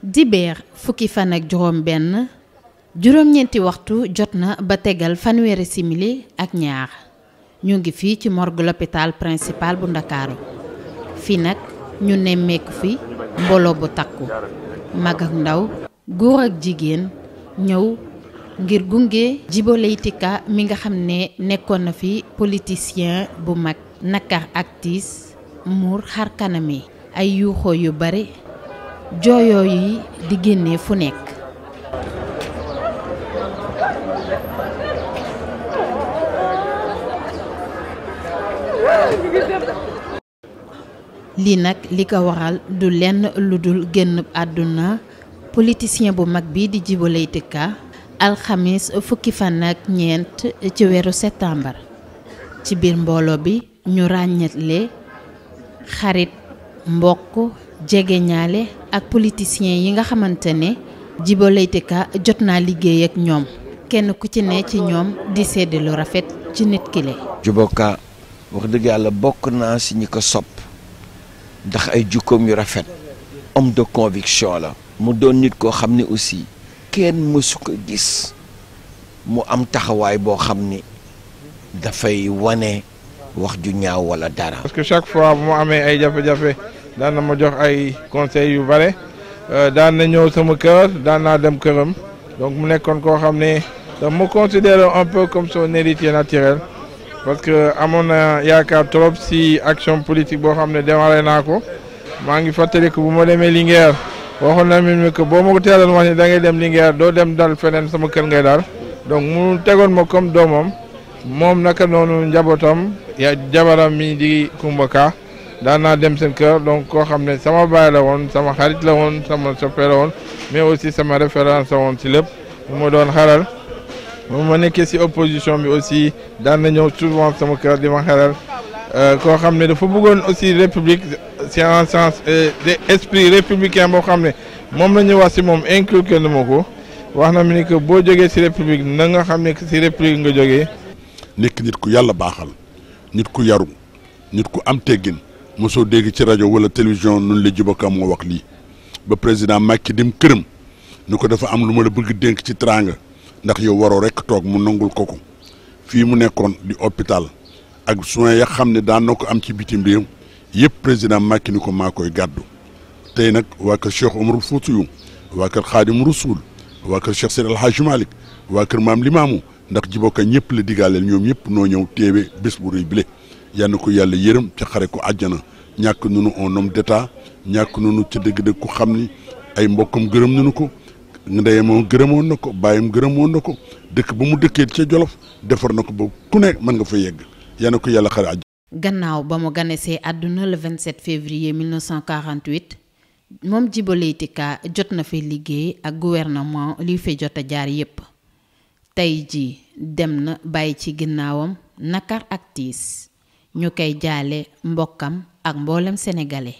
dibeer fukki fan ak juróom benn juróom-ñeenti waxtu jot na ba tegal fanweeri simili ak ñaar ñu ngi fii ci morgue l'hôpital principal bu ndakaaru fii nag ñu nemmeeku fi mbooloo bu takku mag ak ndaw góor ak jigéen ñëw ngir gunge Djibo mi nga xam ne nekkoon na fi politicien bu mag nakar ak tiis muur xar kanam yi ay yuuxoo yu bare jooyoo yi di génnee fu nekk. lii nag li ko waral du lenn lu génn àdduna politicien bu mag bi di Djibo Leyti Ka alxamis fukki fan ak ñeent ci weeru septembre ci biir mbooloo bi ñu ràññatle xarit mbokk jege ñaale ak politiciens yi nga xamante ne Djibo Leyti Ka jot naa liggéey ak ñoom kenn ku ci ne ci ñoom di sedd lu rafet ci nit ki le Djibo Ka wax dëgg yàlla bokk naa si ñi ko sopp ndax ay jukkoom yu rafet homme de conviction la mu doon nit koo xam ne aussi kenn mësu ko gis mu am taxawaay boo xam ni dafay wane wax ju ñaaw wala dara parce chaque fois mu amee ay jafe-jafe daan na ma jox ay conseil yu bare euh, daan na ñëw sama kër daan naa dem këram donc mu nekkon ko xamné da dama ma un peu comme son héritier naturel parce que amoon na yaakaar trop si action politique bo xamné ne démarré naa ko ngi fàttali ko bu ma demee Linguère waxoon na mi que boo ma ko wax ni da ngay dem Linguère do dem dal fenen sama kër ngay dal donc mu tégon ma comme doomam mom naka nonu njabotam ya jabaram mi di kumbaka daan dem sen kër donc ko xamné sama baye la won sama xarit la won sama soppe la woon mais aussi sama référence won ci lépp mo doon xelal mo ma nekkee ci opposition bi aussi daan na souvent sama kër di ma xelal euh, koo xam ne dafa bëggoon aussi république c'est un sens d'esprit républicain boo xam ne moom la ñuy wax ci mom inculqué na ma ko wax na mu ni que boo jógee ci république na nga xam ci république nga jógee. nek nit ku yàlla baaxal nit ku yaru nit ku am teggin. mosoo dégg ci rajo wala télévision nun la Djibo Ka moo wax lii ba président Macky dem këram nu ko dafa am lu ma la bëgg dénk ci teraanga ndax yow waroo rek toog mu nangul ko ko fii mu nekkoon di hôpital ak soins ya xam ne daan na ko am ci bitim réew yëpp président Macky ni ko maa koy gàddu tey nag waa kër Cheikh Omarul Foutiyou waa kër Xaadim Rasoul waa kër Cheikh Seydi El Hadji waa kër Maam Limaamu ndax Djibo Ka ñëpp la digaaleel ñoom ñëpp noo ñëw téewe bés bu yal na ko yàlla yërëm ca xare ko àjjana ñàkk nunu un homme d'état ñàkk nunu ca dëgg-dëgg ku xam ni ay mbokkam gërëm nunu ko ndeyam gërëmoon na ko bàyyam gërëmoon na ko dëkk ba mu dëkkee ca Jolof defar na ko ba ku ne mën nga fa yegg yal na ko yàlla xare àjjana gannaaw ba mu ganesee àdduna le 27 février 1948 moom Djibo jot na fi liggéey ak gouvernement li fi jot jaar yépp tey jii dem na bàyyi ci ginnaawam nakar ak tiis ñu koy jaale mbokkam ak mboolem sénégalais